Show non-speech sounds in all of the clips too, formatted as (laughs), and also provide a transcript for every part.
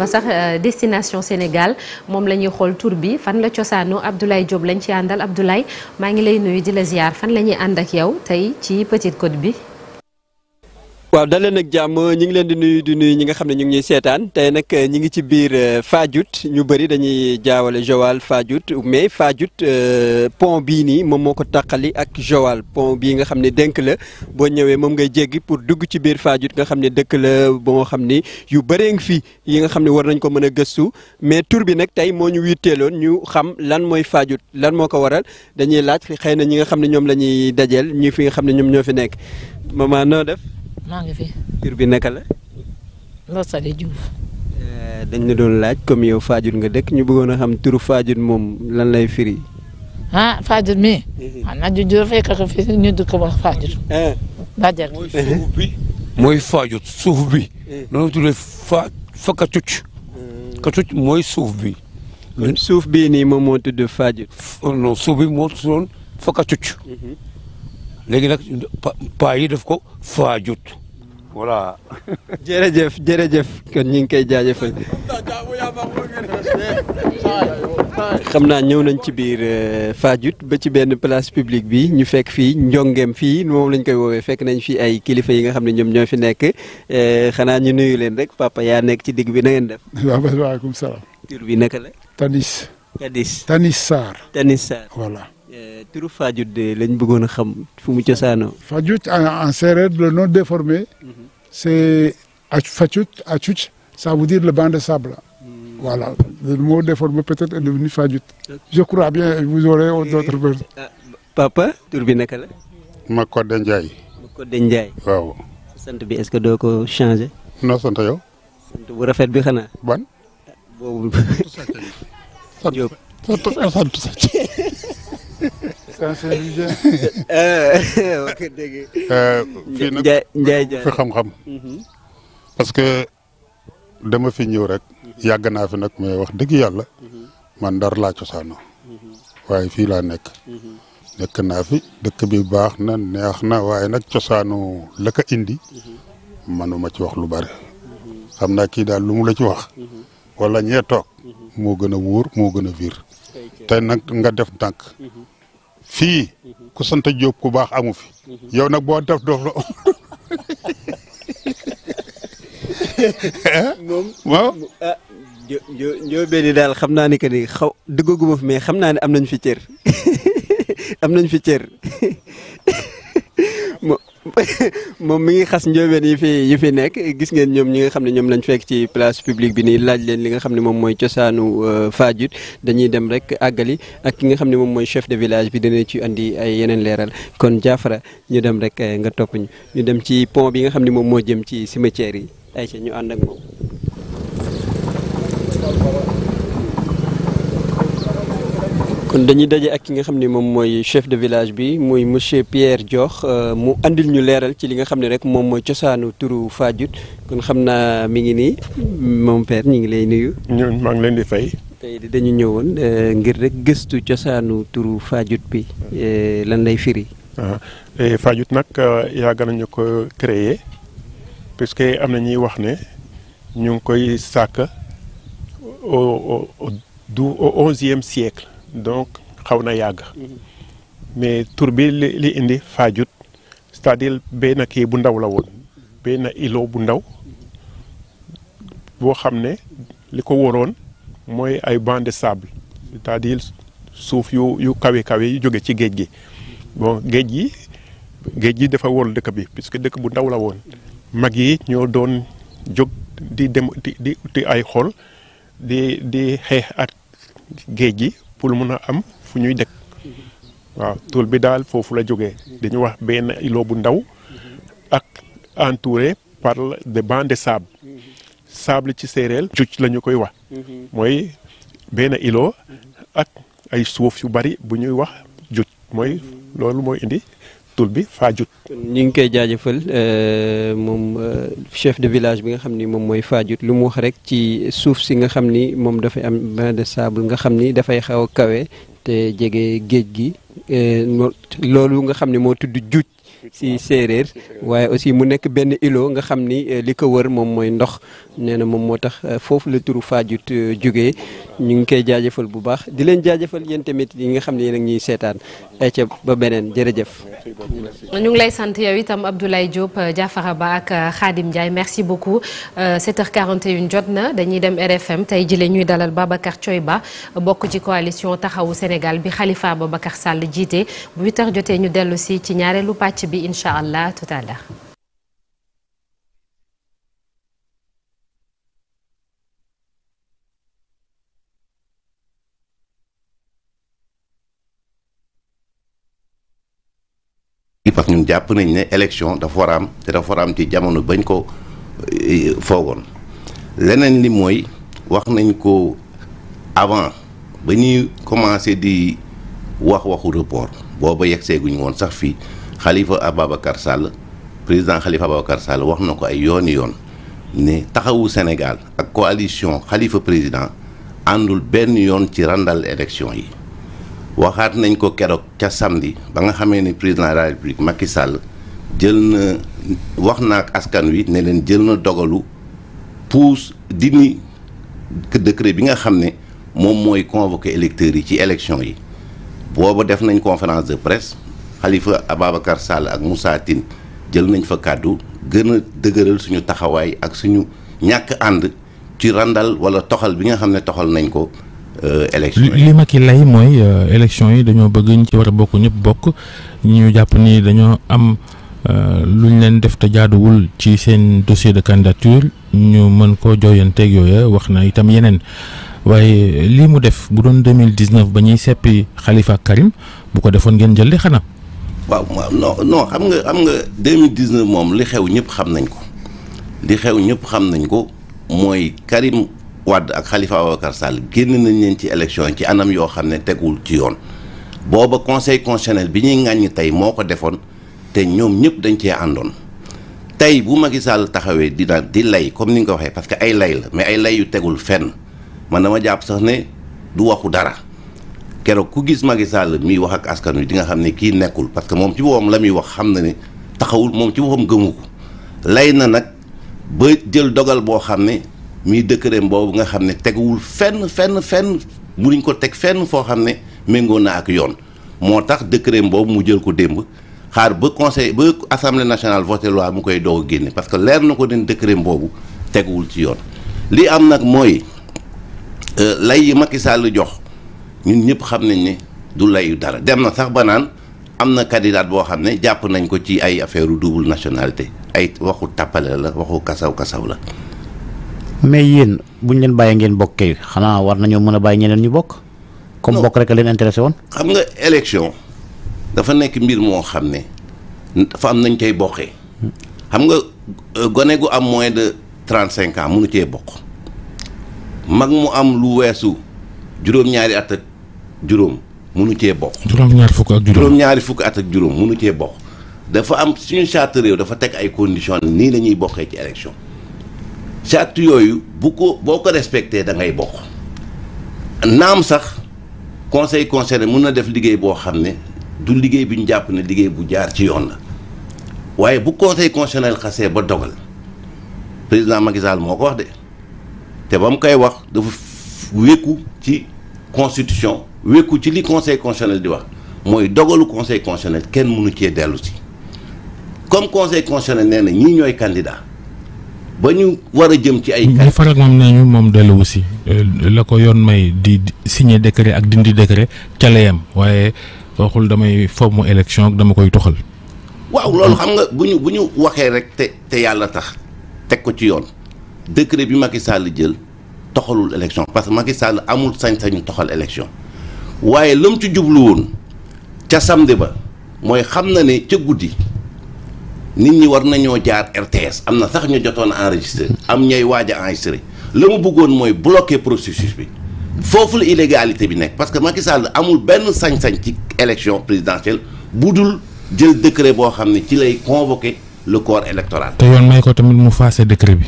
fa sax euh, destination Sénégal moom la ñuy xool tur bi fan la cosaanu Abdoulaye Diop lañ ci àndal Abdoulaye maa ngi lay nuyu di la ziar fan la ñuy ànd ak yow tey ci Petite Côte bi. waaw daleen ak jàmm ñi ngi leen di nuyu di nuyu nga xam ne ñu ngi ñuy seetaan tey nag eh, ñi ngi ci biir eh, Fadiouth ñu bëri dañuy jaawale Joal Fadiouth mais Fadiouth eh, pont bii nii moom moo ko taqali ak Joal pont bii nga xam ne dénk la boo ñëwee moom ngay jéggi pour dugg ci biir Fadiouth nga xam ne dëkk la boo xam ni yu bëree ngi fi yi nga xam ne war nañ ko mën a gëstu mais tur bi nag tey moo ñu witteeloon ñu xam lan mooy faajut lan moo ko waral dañuy laaj xëy na ñi nga xam ne ñoom la ñuy dajeel ñi fi nga xam ne ñoom ñoo fi nekk maman noo def. maa ngi fi. tur bi naka la. Ndeye Sali Diouf. Eh, dañ la doon laaj comme yow Fajut nga dëkk ñu bëggoon a xam turu Fajut moom lan lay firi. ah Fajut mii. Mhm. ah naaj bi fekk ko fi ñu di ko wax Fajut. Eh. Fajut. mooy suuf bi. mooy Fajut suuf bi. Eh. Hmm. mooy suuf bi. suuf bii nii moom moo tudd Fajut. Oh non suuf bi moo tuddoon fa Katuc. Mhm. léegi nag paa yi def ko Fajut. voilà. (laughs) jërëjëf jërëjëf kon ñu ngi koy jaajëfal. xam naa ñëw nañ ci biir euh, Fadiouth ba ci benn place publique bi ñu fekk fii njongeem fii moom lañ koy woowee fekk nañ fi ay kilifa yi nga xam ne ñoom ñoo fi nekk euh, xanaa ñu nuyu leen rek papa yaa nekk ci digg bi na ngeen def. waaw waaleykum salaam. tur bi naka la. Tanis. Tanis Tanis Tanis Sarr Euh, turu Fajut de lañ bëggoon a xam fu mu cosaanoo. Fajut en séeréer le nom déformé. c'est Fajut Achuc ça veut dire le banc de sable. Hmm. voilà le mot déformé peut-être est Fajut. je crois bien vous aurez d'autres ah, versions. papa tur bi naka la. Makodde Ndiaye. sant bi est-ce que doo ko changer. non sant sant bu rafet bi xanaa. (laughs) (laughs) sensibiliser. (laughs) Eh, (laughs) ok eh, fi xam-xam. Mhm. parce que dama fi ñëw rek. Mhm. yàgg naa fi nag mais wax dëgg yàlla. Mhm. man ndar laa cosaanoo. waaye fii laa nekk. nekk naa fi dëkk bi baax na neex na waaye nag cosaanu la ko indi. manuma ci wax lu bari. xam naa kii daal lum la ci wax. walla ñee toog. moo gën a wóor moo gën a viir. nag nga def ndànk. fii ku sant Jóob ku baax amu fi yow nag boo def dof la (laughs) waaw ah, njóobeen yi daal xam naa ni que ni mais xam naa ne am nañ fi cër (laughs) am nañ fi cër (laughs) (laughs) moom mi ngi xas njóobeen yi fi yi fi nekk gis ngeen ñoom ñi nga xam ne ñoom lañ fekk ci place publique bi ni laaj leen li nga xam ne moom mooy cosaanu euh, Fadiouth dañuy dem rek àggali ak ki nga xam ne moom mooy chef de village bi dana ci indi ay yeneen leeral kon Jaafara ñu dem rek euh, nga topp ñu dem ci pont bi nga xam ne moom moo jëm ci cimetière yi ay ci ñu ànd ak moom kon dañuy daje ak ki nga xam ni moom mooy chef de village bi mooy monsieur Pierre jox euh, mu andil ñu leeral ci li nga xam ne rek moom mooy cosaanu turu Fadiouth kon xam naa mi ngi nii moom père ñu ngi lay nuyu. ñun maa ngi leen di fay. tey dañu ñëwoon euh, ngir rek gëstu cosaanu turu Fadiouth bi euh, lan lay firi. waaw ah, Fadiouth nag yàgg nañu ko créer que am na ñuy wax ne ñu ngi koy sàkk au du au onzième siècle. donc xaw na yàgg. mais tur bi li indi Fajut cest benn kii bu ndaw la woon benn îlot bu ndaw boo xam ne li ko waroon mooy ay bancs de sable cest suuf yu yu kawe kawe yu jóge ci géej gi bon géej gi géej gi dafa wóor dëkk bi puisque dëkk bu ndaw la woon mag yi ñoo doon jóg di dem di uti ay xol di di xeex ak géej gi pour mun a am fu ñuy dëkk waaw tool bi daal foofu la jóge dañu wax benn îlot bu ndaw ak entouré par des bancs de sable sable ci séeréel juc la ñu koy wax mooy benn îlot ak ay suuf yu bari bu ñuy wax juc mooy loolu mooy indi tul bi Fajut. ñu ngi koy jaajëfal euh, moom euh, chef de village bi nga xam ni moom mooy Fajut lu mu wax rek ci suuf si nga xam ni moom dafay am bain de sable nga xam ni dafay xaw a kawe te jege géej gi euh, loolu nga xam ni moo tudd juuj si séeréer waaye aussi mu nekk benn ilo nga xam ni li ko war moom mooy ndox nee na moom moo tax foofu la turu Fajut jógee. ñu ngi koy jaajëfal bu baax di leen jaajëfal yéen tamit yi nga xam ne yéen a ngi seetaan ay ba beneen jërëjëf. ñu ngi lay sant yow itam Abdoulaye Diop euh, Diafara Ba ak euh, Khadim Ndiaye merci beaucoup 7 euh, h jot na dañuy dem RFM tey jile ñuy dalal Babacar Thioye Ba bokk ci coalition taxawu Sénégal bi xalifa Babacar sàll jiite bu 8 jotee ñu dellu si ci ñaareelu pàcc bi incha allah tout jàpp nañ ne élection dafa war a am te dafa war ci jamono bañ ko eh, foogoon leneen li mooy wax nañ ko avant ba ñuy commencé di wax waxu report booba yegsee guñu woon sax fii Khalifa Ababacar Sall président Khalifa Ababacar Sall wax na ko ay yooni yoon ne taxawu Sénégal ak coalition xalifa président àndul benn yoon ci randal élection yi waxaat nañ ko keroog ca samedi ba nga xamee ni président de la république Macky Sall jël na wax na ak askan wi ne leen jël na dogalu puus dini décret bi nga xam ne moom mooy convoqué électeurs yi ci élection yi booba def nañ conférence de presse xalifa Ababacar Sall ak Moussa Tine jël nañ fa kàddu gën a dëgëral suñu taxawaay ak suñu ñàkk ànd ci randal wala toxal bi nga xam ne toxal nañ ko Euh, élection yi li Macky lay mooy euh, élection yi dañoo bëgg ñu ci war a bokk ñëpp bokk ñu jàpp ni dañoo am euh, lu ñu leen def te jaaduwul ci seen dossier de candidature ñu mën koo jooyanteeg yooya wax na itam yeneen waaye lii mu def bu doon 2019 ba ñuy seppi Khalifa Karim bu ko defoon ngeen jël li xanaa. waaw non non xam nga xam nga 2019 moom li xew ñëpp xam nañ ko li xew ñëpp xam nañ ko mooy Karim. Wade ak Khalifa Ababacar Sall génn nañ leen ci élection ci anam yoo xam ne tegul ci yoon booba conseil constitutionnel bi ñuy ŋàññ tey moo ko defoon te ñoom ñëpp dañ cee àndoon tey bu Macky Sall taxawee dina di lay comme ni nga ko waxee parce que ay lay la mais ay lay yu tegul fenn mën man ma jàpp sax ne du waxu dara keroog ku gis Macky Sall miy wax ak askan wi di nga xam ne kii nekkul parce que moom ci boppam la muy wax xam na ne taxawul moom ci boppam gëmu ko lay na nag ba jël dogal boo xam ne muy décret boobu nga xam ne teguwul fenn fenn fenn mënuñ ko teg fenn foo xam ne méngoo na ak yoon moo tax décret boobu mu jël ko démb xaar ba conseil ba assemblée nationale voté loi mu koy doog a génne parce que leer na ko den décret boobu teguwul ci yoon li am nag mooy euh, lay yi Macky Sall jox ñun ñëpp xam nañ ne du layu dara dem na sax ba naan am na candidat boo xam ne jàpp nañ ko ci ay affaire double nationalité ay waxu tappale la waxu kasaw kasaw la mais yéen bu ñu leen bàyyee ngeen bokkee xanaa war nañoo mën a bàyyi ñeneen ñu bokk. comme bokk rek a leen intéressé woon. xam nga élection dafa nekk mbir moo xam ne dafa am nañ koy bokkee xam nga euh, gone gu am moins de trente cinq ans mënu bokk mag mu am lu weesu juróom-ñaari at juróom mënu bokk. juróom-ñaari juróom ñaari fukk at ak juróom mënu cee bokk dafa am suñu charte réew dafa teg ay conditions nii la ñuy bokkee ci élection. charte yooyu bu ko boo ko respecté da ngay bokk naam sax conseil concerné mun na def liggéey boo xam ne du liggéey bi ñu jàpp ne liggéey bu jaar ci yoon la waaye bu conseil constitutionnel xasee ba dogal président Macky moo ko wax de te ba mu koy wax dafa wékku ci constitution wékku ci li conseil constitutionnel di wax mooy dogalu conseil constitutionnel kenn mënu cee dellu si comme conseil constitutionnel nee na ñii ñooy candidat ba ñu war a jëm ci ay. ñu faral moom nañu moom delluwu si euh, la ko yoon may di signe décret ak dindi décret ca la yem waaye waxul damay fomm élection ak dama koy toxal. waaw loolu xam nga bu ñu bu ñu waxee rek te te yàlla tax teg ko ci yoon décret bi Macky Sall jël toxalul élection parce que Macky Sall amul sañ-sañu toxal élection waaye lam ci jublu woon ca samedi ba mooy xam na ne ca guddi. nit ñi war nañoo jaar RTS am na sax ñu jotoon enregistré am ñooy waaj a la mu bëggoon mooy bloquer processus bi foofu la illégalité bi nekk parce que Macky Sall amul benn sañ-sañ ci élection présidentielle bu dul jël décret boo xam ne ci lay convoquer le corps électoral. te yoon may ko tamit mu faase décret bi.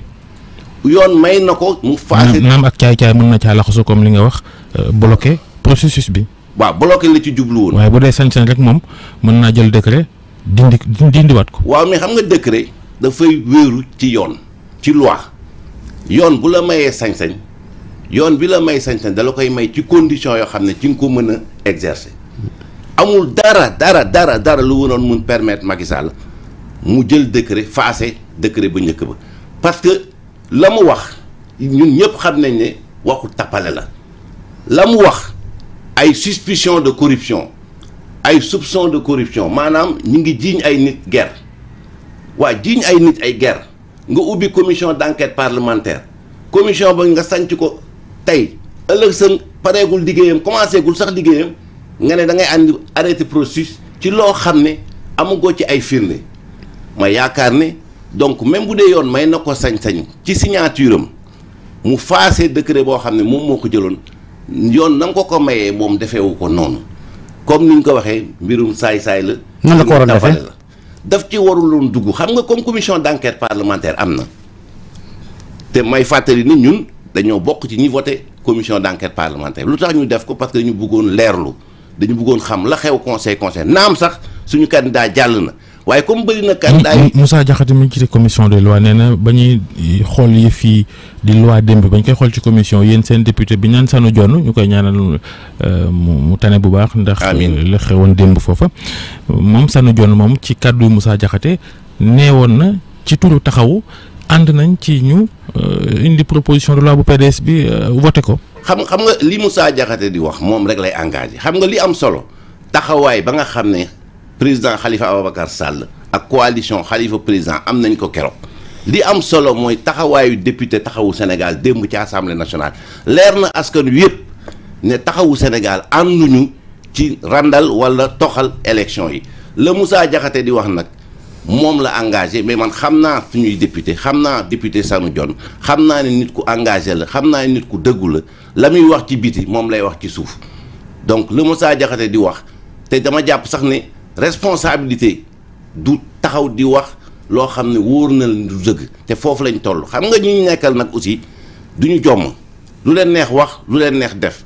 yoon may na ko mu faase. naam ak caay-caay mën na caa laxasu comme li nga wax euh, bloquer processus bi. waaw bloquer la ci jubluwoon. waaye bu dee sañ-sañ rek moom mën naa jël décret. dindi dindiwaat ko. waaw mais xam nga décret dafay wéeru ci yoon ci loi yoon bu la mayee sañ-sañ yoon bi la may sañ-sañ dala koy may ci condition yoo xam ne ci nga ko mën a exercer amul dara dara dara dara lu waroon mun permettre Macky mu jël décret faase décret bu njëkk ba parce que la mu wax ñun ñëpp xam nañ ne waxu tappale la la mu wax ay suspicion de corruption ay soupçon de corruption maanaam ñu ngi jiiñ ay nit guerre waa jiiñ ay nit ay guerre nga ubbi commission d'enquête parlementaire commission ba nga sanc ko tey ëllëg sa pareegul liggéeyam commencé gul sax liggéeyam nga ne dangay ànd àndi arrêté processus ci loo xam ne amugoo ci ay firnde ma yaakaar ne donc même bu dee yoon may na ko sañ-sañ ci signature am mu faase décret boo xam ne moom moo ko jëloon yoon na nga ko ko mayee moom defeewu ko noonu comme ni ñu ko waxee mbirum saay-saay la. nan la ko waroon defee la daf ci waruloon dugg xam nga comme commission d' enquête parlementaire am na te may fàttali ni ñun dañoo bokk ci ñi voté commission d' enquête parlementaire lu tax ñu def ko parce que dañu bëggoon leerlu dañu buggoon xam la xew conseil conseil naam sax suñu candidat jàll na waaye comme bëri na candidat yi Moussa Diakhaté ngi ci commission des lois nee na ba ñuy xool yi fii di loi démb ba ñu koy xool ci commission yéen seen député bi ñaan sanu jonn ñu koy ñaanal euh, mu tane bu baax ndax euh, la xewoon démb foofa moom sanu jonn moom ci kàddu Moussa Diakhaté nee woon na ci turu taxawu ànd nañ ci ñu euh, indi proposition de loi bu PDS bi voté ko xam xam nga li musaa Diakhaté di wax moom rek lay engagé xam nga li am solo taxawaay ba nga xam ne président Khalifa Ababacar Sall ak coalition Khalifa président am nañ ko keroog li am solo mooy taxawaayu député taxawu Sénégal démb ci assemblée nationale leer na askan wi yëpp ne taxawu Sénégal ànduñu ci randal wala toxal élection yi la musaa Diakhaté di wax nag moom la engagé mais man xam naa suñuy député xam naa député Sanu Dione xam naa ne nit ku engagé la xam naa ne nit ku dëggu la la muy wax ci biti moom lay wax ci suuf donc la Moussa Diakhaté di responsabilité du taxaw di wax loo xam ne wóor na leen du dëgg te foofu lañ toll xam nga ñu nekkal nag aussi du ñu jomm lu leen neex wax lu leen neex def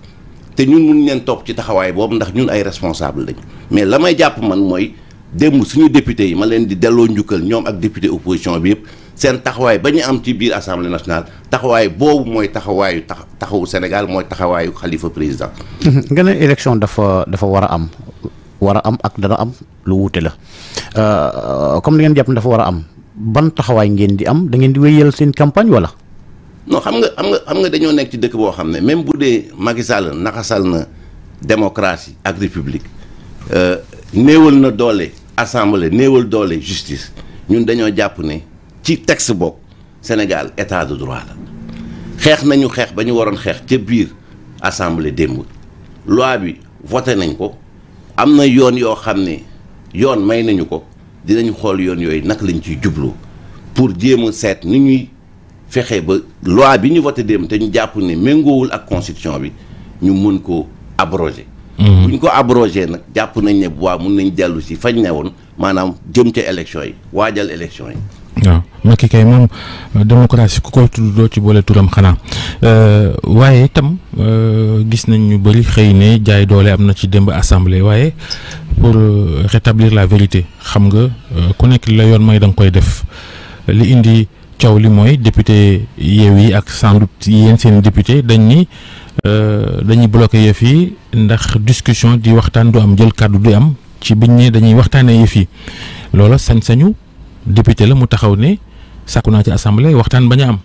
te ñun mun leen topp ci taxawaay boobu ndax ñun ay responsable lañ mais la may jàpp man mooy démb suñu député yi ma leen di delloo njukkal ñoom ak député opposition bi yëpp seen taxawaay ba ñu am ci biir assemblée nationale taxawaay boobu mooy taxawaayu tax taxawu Sénégal mooy taxawaayu xalifa président. (laughs) nga dafa dafa war a am. war a am ak dana am lu wute la euh, comme li ngeen jàpp ne dafa war a am ban taxawaay ngeen di am dangeen ngeen di wéyal seen campagne wala. non xam nga xam nga xam nga dañoo nekk ci dëkk boo xam ne même bu dee Macky Sall naxasal na démocratie ak république euh, néewal na doole assemblée néewal doole justice ñun dañoo jàpp ne ci texte boobu Sénégal état de droit la xeex nañu xeex ba ñu waroon xeex ca biir assemblée démb loi bi voté nañ ko. am na yoon yoo xam ne yoon may nañu ko dinañu xool yoon yooyu naka lañ ciy jublu pour jéem a seet ni ñuy fexe ba lois bi ñu voté démb te ñu jàpp ne méngoowul ak constitution bi ñu mun ko abrogé. Mhm. bu ñu ko abrogé nag jàpp nañ ne bu waa mun nañ dellu si fañ ne woon maanaam jëm ca élection yi waajal élection yi. Macky kay moom euh, démocratie ku koy tudd doo ci boole turam xanaa euh, waaye itam euh, gis nañ ñu bëri xëy ne jaay doole am na ci démb assemblée waaye pour rétablir la vérité xam nga ku nekk la yoon mooy da nga koy def li indi coow li mooy député yeew yi ak sans doute seen député dañ ni dañuy bloqué yëf yi ndax discussion di waxtaan du am jël kàddu du am ci biñ ne dañuy waxtaanee yëf yi loola sañ-sañu député la mu taxaw ne sàkku naa ci assemblée waxtaan bañ a am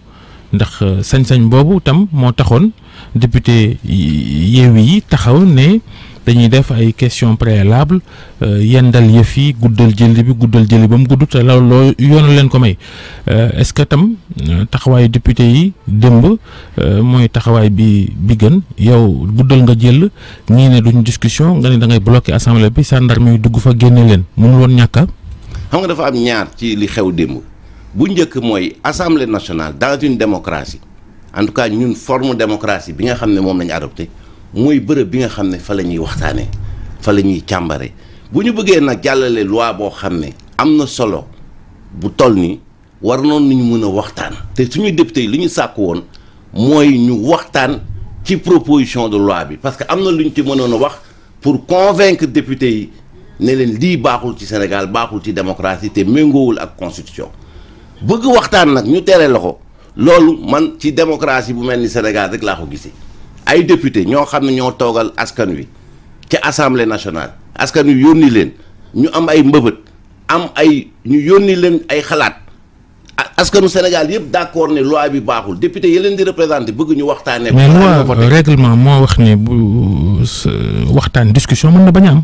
ndax euh, sañ-sañ boobu tam moo taxoon député Yewwi yi taxaw ne dañuy def ay question préalable euh, yendal yëf yi guddal jëli bi guddal jëli ba mu gudd te loolu loo leen ko may euh, est-ce que tam taxawaayu député yi démb mooy taxawaay bi bi gën yow guddal nga jël ñii ne duñ discussion nga ne da ngay bloquer assemblée bi sàndarme yi dugg fa génne leen mënul woon ñàkka xam nga dafa am ñaar ci li xew démb bu njëkk mooy assemblée nationale dans une démocratie en tout cas ñun forme démocratie bi nga xam ne moom la ñu mooy bërëb bi nga xam ne fa la ñuy waxtaanee fa la ñuy càmbare bu ñu bëggee nag jàllale loi boo xam ne am na solo bu toll nii war noon ñu mën a waxtaan te suñu député yi li ñu sàkk woon mooy ñu waxtaan ci proposition de loi bi parce que am na lu ñu ci mënoon a wax pour convaincre député yi ne leen lii baaxul ci Sénégal baaxul ci démocratie méngoowul ak constitution bëgg waxtaan nag ñu tere loxo loolu man ci démocratie bu mel ni Sénégal rek laa ko gisee ay député ñoo xam ne ñoo toogal askan wi ci assemblée nationale askan wi yónni leen ñu am ay mbëbët am ay ñu yónni leen ay xalaat askanu Sénégal yëpp d'accord ne loi bi baaxul député yi leen di représenté bëgg ñu waxtaanee. mais loi règlement moo wax ne bu euh, waxtaan discussion mën na bañ a am.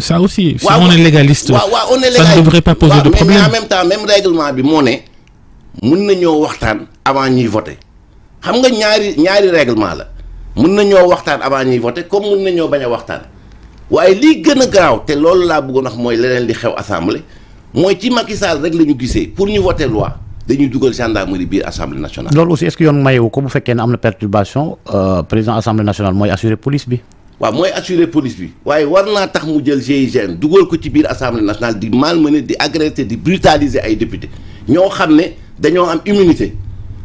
ça aussi. waaw si légaliste. waaw waaw légaliste ça devrait bi moo mun nañoo waxtaan avant ñuy voter xam nga ñaari ñaari règlement la mun na nañoo waxtaan avant ñiy voter comme mun nañoo bañ a waxtaan waaye lii gën a garaaw te loolu laa bëggoon wax mooy leneen li xew assemblée mooy ci Macky Sall rek lañu gisee pour ñu voter loi dañuy dugal gendarmerie biir assemblée nationale. loolu aussi est-ce que yoon mayewu ko bu fekkee ne am na perturbation euh, président assemblée nationale mooy assurer police bi. waaw mooy assurer police bi waaye war naa tax mu jël GIGN dugal ko ci biir assemblée nationale di malmener di agresser di brutaliser ay député ñoo xam ne. dañoo am immunité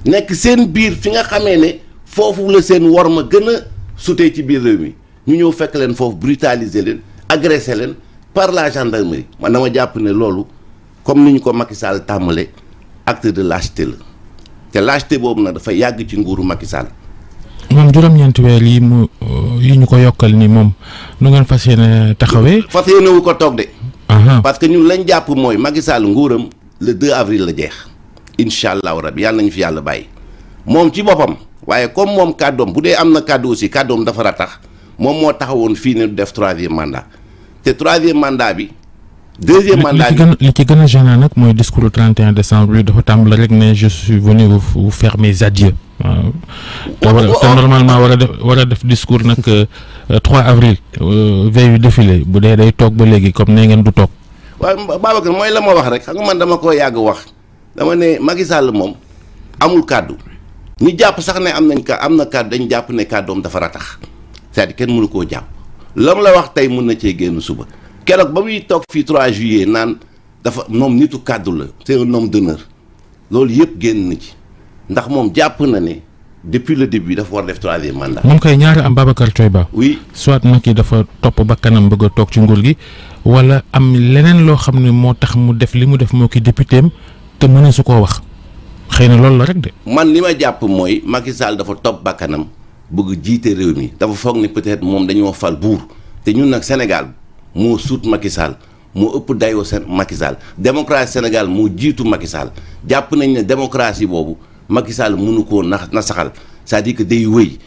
nekk seen biir fi nga xamee ne foofu la seen war ma gën a sutee ci biir réew mi ñu ñëw fekk leen foofu brutaliser leen agressé leen par la gendarmerie man dama jàpp ne loolu comme ni ñu ko Macky Sall tàmmale acte de lâcheté la te lâcheté boobu nag dafa yàgg ci nguuru Macky Sall. moom juróom-ñeenti weer yi mu yi ñu ko yokkal ni moom nu ngeen fas yéene taxawee. fas yéene wu ko toog de. parce que ñu lañ jàpp mooy Macky Sall nguuram le 2 avril la jeex. incha allahu rabi yàlla nañu fi yàlla bàyyi moom ci boppam waaye comme moom kàddoom bu dee am na kàddu aussi kàddoom dafa ratax moom moo taxawoon fii ne def troisième mandat te troisième mandat bi. deuxième mandat bi li ci gën a gênant nag mooy discours du 31 décembre bi dafa tàmbali rek ne je suis venu vous faire mes adieux. waaw te normalement war a def war a def discours nag 3 euh, euh, avril. Euh, veille yu défilé bu dee day toog ba léegi comme nee ngeen du toog. waaw Babacar mooy la ma wax rek xam man dama ko yàgg wax. dama ne Macky moom amul kàddu ni jàpp sax ne am nañ ka am na kàddu dañ jàpp ne kàddoom dafa ratax c'est-à-dire kenn mënu koo jàpp lam la wax tey mun na cee génn suba keroog ba muy toog fii 3 juillet naan dafa moom nitu kàddu la c'est un homme loolu yëpp génn na ci ndax moom jàpp na ne depuis le début dafa war def troisième mandat. moom koy ñaari am Babacar Toye Ba. oui soit Macky dafa topp ba kanam bëgg a toog ci nguur gi walla am leneen loo xam ne moo tax mu def li mu def moo ki député te mënee su koo wax xëy na loolu la rek de. man li ma jàpp mooy Macky dafa topp bakkanam bëgg jiite réew mi dafa foog ni peut-être moom dañoo fal buur te ñun nag Sénégal moo suut Macky Sall moo ëpp dayoo seen Macky Sall Sénégal moo jiitu Macky Sall jàpp nañ ne démocratie boobu Macky Sall mënu koo na na saxal c'est-à-dire que day wéy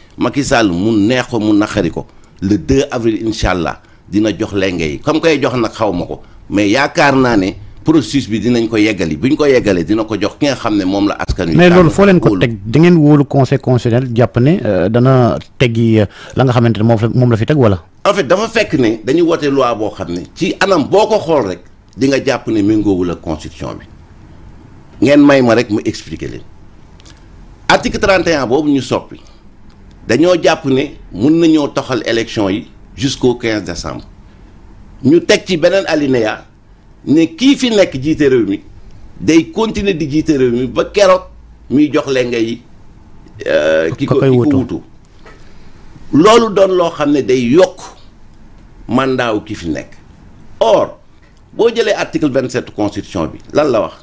Sall mu neex ko mu naqari ko le 2 avril incha allah dina jox lenge yi comme koy jox nag xaw ma ko mais yaakaar naa ne. processus bi dinañ ko yeggali bu ñu ko yeggalee dina ko jox ki nga xam ne moom la askan wi. mais loolu foo leen ko teg da ngeen wóolu conseil constitutionnel jàpp ne euh, dana teggi euh, la nga xamante ne moom la fi teg wala. en fait dafa fekk ne dañu wote loi boo xam ne ci anam boo ko xool rek di nga jàpp ne méngoowul ak constitution bi ngeen may ma rek mu expliquer leen article 31 boobu ñu soppi dañoo jàpp ne mun nañoo toxal élection yi jusqu'au 15 décembre ñu teg ci beneen alinéa. ne kii fi nekk jiite réew mi day continuer di jiite réew mi ba keroog muy jox lenga ngay euh, ki ko ki ko wutu loolu doon loo xam ne day yokk mandaaw kii fi nekk or boo jëlee article vingt sept constitution bi lan la wax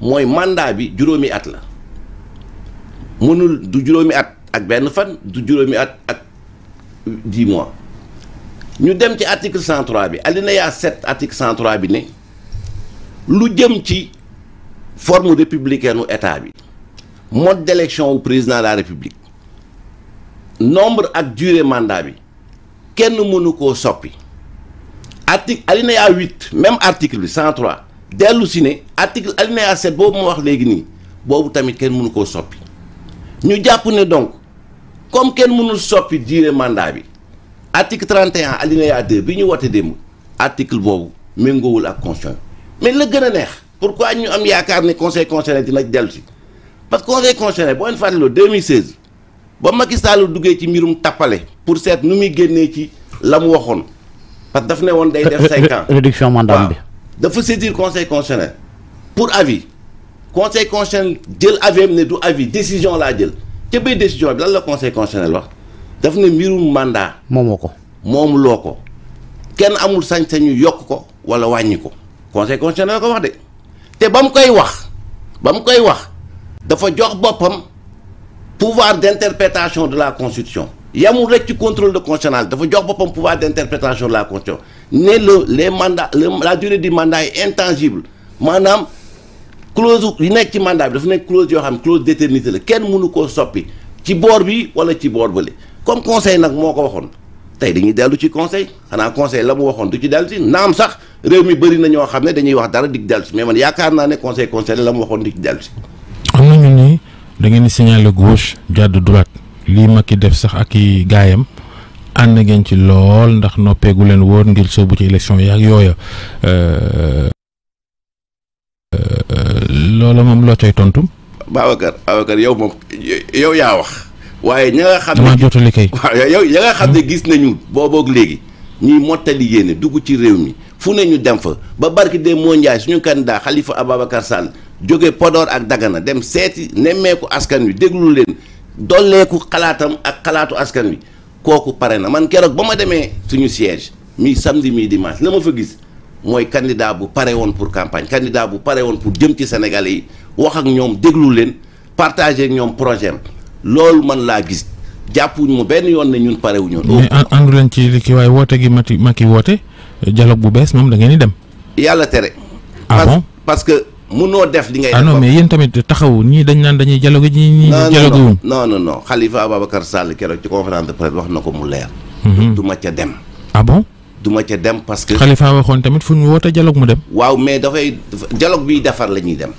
mooy mandat bi juróomi at la mënul du juróomi at ak benn fan du juróomi at ak dix mois ñu dem ci article cent bi alinéa sept article cent bi ne lu jëm ci forme républicaine u état bi mode d'élection wu président la république nombre ak durée mandat bi kenn mënu koo soppi article alinéa huit même article bi cent trois dellu si ne article alinéa boobu ma wax léegi nii boobu tamit kenn mënu koo soppi ñu jàpp ne donc comme kenn mënul soppi durée mandat bi article 31 alinéa bi ñu wote démb article boobu méngoowul ak constitution mais la gën a neex pour pourquoi ñu am yaakaar ni conseil constitutionnel dina dellusi si parce que conseil boo leen fàttaloo 2016 ba Macky Sall duggee ci mbirum tappale pour seet nu muy génnee ci la mu waxoon parce que daf ne woon day def cinq ans réduction mandat bi dafa saisir conseil constitutionnel pour avis conseil constitutionnel jël avis ne du avis décision laa jël ca biir décision bi lan la conseil constitutionnel wax daf ne mbirum mandat moomoo ko moomuloo ko kenn amul sañ-sañu yokk ko wala wàññi ko conseil constitutionnel ko wax de te ba mu koy wax ba mu koy wax dafa jox boppam pouvoir d'interprétation de la constitution yamul rek ci contrôle de constitutionnel dafa jox boppam pouvoir d'interprétation de la constitution ne le les mandats la durée du mandat est intangible maanaam clause yi nekk ci mandat bi dafa nekk clause yoo xam ne clause d'éternité la kenn mënu koo soppi ci boor bi wala ci boor bële comme conseil nag moo ko waxoon tey dañuy dellu ci conseil xanaa conseil la mu waxoon du ci dellu si naam sax réew mi bari na ñoo xam ne dañuy wax dara di dellu si mais man yaakaar naa ne conseil conseil la mu waxoon di ci dellu si. am na ñu ni da ngeen di signaler gauche jàdd droite lii Macky def sax ak i gaayam ànd ngeen ci lool ndax noppeegu leen woon ngir soobu ci élection yi ak yooya. Euh, euh, loolu moom loo cay tontu. Babacar Babacar yow moom yow yaa wax. waaye ña nga xam ne jotul kay (laughs) waaw yow nga xam ne gis nañu boobook léegi ñuy mottali yéene dugg ci réew mi fu ne ñu dem fa ba barki de moo Ndiaye suñu candidat xalifa Ababacar Sall jóge podoor ak daggana dem seeti nemmeeku askan wi déglu leen dolleeku xalaatam ak xalaatu askan wi kooku pare na man keroog ba ma demee suñu siège mi samedi mi dimanche na ma fa gis mooy kandidaa bu pare woon pour campagne candidat bu pare woon pour jëm ci Sénégalais yi wax ak ñoom déglu leen partagé ñoom projet loolu man laa gis jàppuñu mu benn yoon ne ñun pare wuñu mais àndu leen ci li ki waaye woote gi Macky Macky woote dialogue bu bees moom da ngeen di dem. yàlla tere. ah bon parce que munoo def li ngay. ah non mais yéen tamit taxawu ñii dañ naan dañuy dialogue ji ñii dialogue wuñ non non non Khalifa Sall keroog ci conférence de presse wax ko mu leer. Mhm. du ma ca dem. ah du ma dem parce que. Khalifa waxoon tamit fu ñu woote dialogue mu dem. waaw mais dafay dialogue biy defar la ñuy dem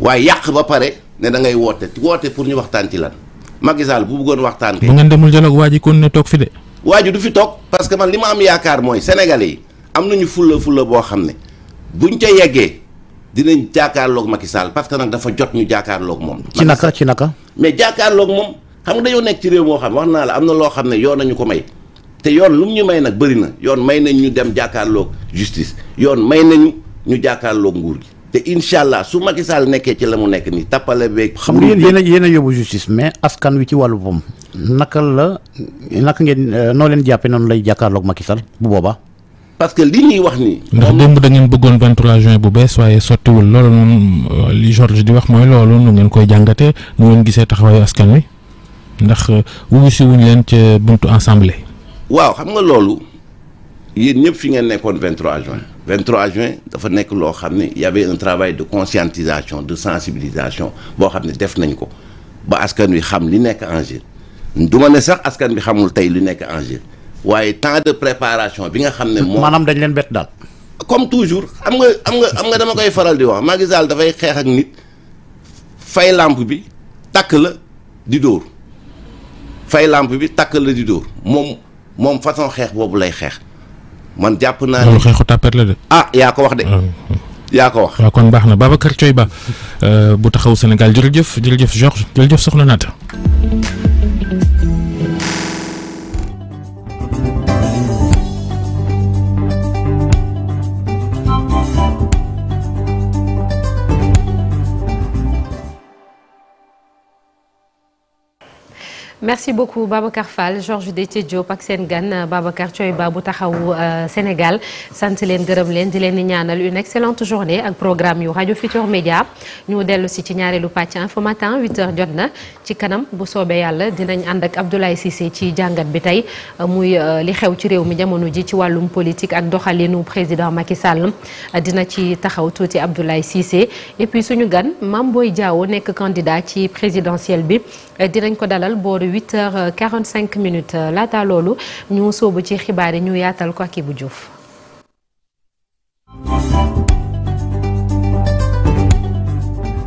waaye yàq ba pare. ne da ngay woote woote pour ñu waxtaan ci lan Macky bu bëggoon waxtaan kay. bu ngeen demul jël ak waa ji kon ne toog fi de. waa ji du fi toog parce que man li ma am yaakaar mooy sénégalais yi am nañu fulla fulla boo xam ne bu buñ ca yeggee dinañ jàkkaarloog Macky Sall parce que nag dafa jot ñu jàkkaarloog moom. ci naka ci naka. mais jàkkaarloog moom xam nga dañoo nekk ci réew moo xam ne wax naa la am na loo xam ne yoon nañu ko may te yoon lu mu ñu may nag bëri na yoon may nañ ñu dem jàkkaarloog justice yoon may nañu ñu jàkkaarloog nguur gi. te incha allah su Macky Sall nekkee ci la mu nekk nii tappale beeg. xam nga yéen yéen a yóbbu justice mais askan wi ci wàllu boppam naka la naka ngeen euh, noo leen jàppe noonu lay jàkkaarloog Macky Sall bu boobaa. parce que li ñuy wax ni ndax démb da bëggoon 23 juin bu bees waaye sottiwul loolu moom euh, li Georges di wax mooy loolu nu ngeen koy jàngatee nu ngeen gisee taxawaayu askan wi ndax euh, wuyu si wuñ leen ca buntu ensemble. waaw xam nga loolu. yéen ñëpp fi ngeen nekkoon 23 juin 23 juin dafa nekk loo xam ne y avait un travail de conscientisation de sensibilisation boo xam ne def nañ ko ba askan wi xam li nekk en jeu du ma ne sax askan bi xamul tey li nekk en waaye temps de préparation bi nga xam ne. moom maanaam dañ leen bett daal. comme toujours am nga am nga am nga dama koy faral di wax Macky dafay xeex ak nit fay làmp bi takk la di dóor fay lamp bi takk la di dóor moom moom façon xeex boobu lay xeex. man jàpp naa na loolu xeexu tàppet la de. ah yaa ko wax de. Ah, ah. yaa ko wax waaw kon baax na Babacar Thioye Ba euh, bu taxaw Sénégal jërëjëf jërëjëf Georges jërëjëf soxna Naata. merci beaucoup Babacar Fall Georges Détié Diop ak seen gan euh, Babacar Thioye Ba bu taxawu euh, Sénégal sant leen gërëm leen di leen ñaanal une excellente journée ak programme yu rajo Futur Média ñu dellu si ci ñaareelu pàcc info matin jot na ci kanam bu soobee yàlla dinañ ànd ak Abdoulaye Cissé ci jàngat bi tey euh, muy li xew ci réew mi jamono ji ci wàllum politique ak doxalinu président Macky Sall dina ci taxaw tuuti Abdoulaye Cissé et suñu gan mam booy jaawo nekk candidat ci présidentielle bi 8 heures 45 minutes laata loolu ñu soobu ci xibaar yi ñu yaatal ko ak bu Diouf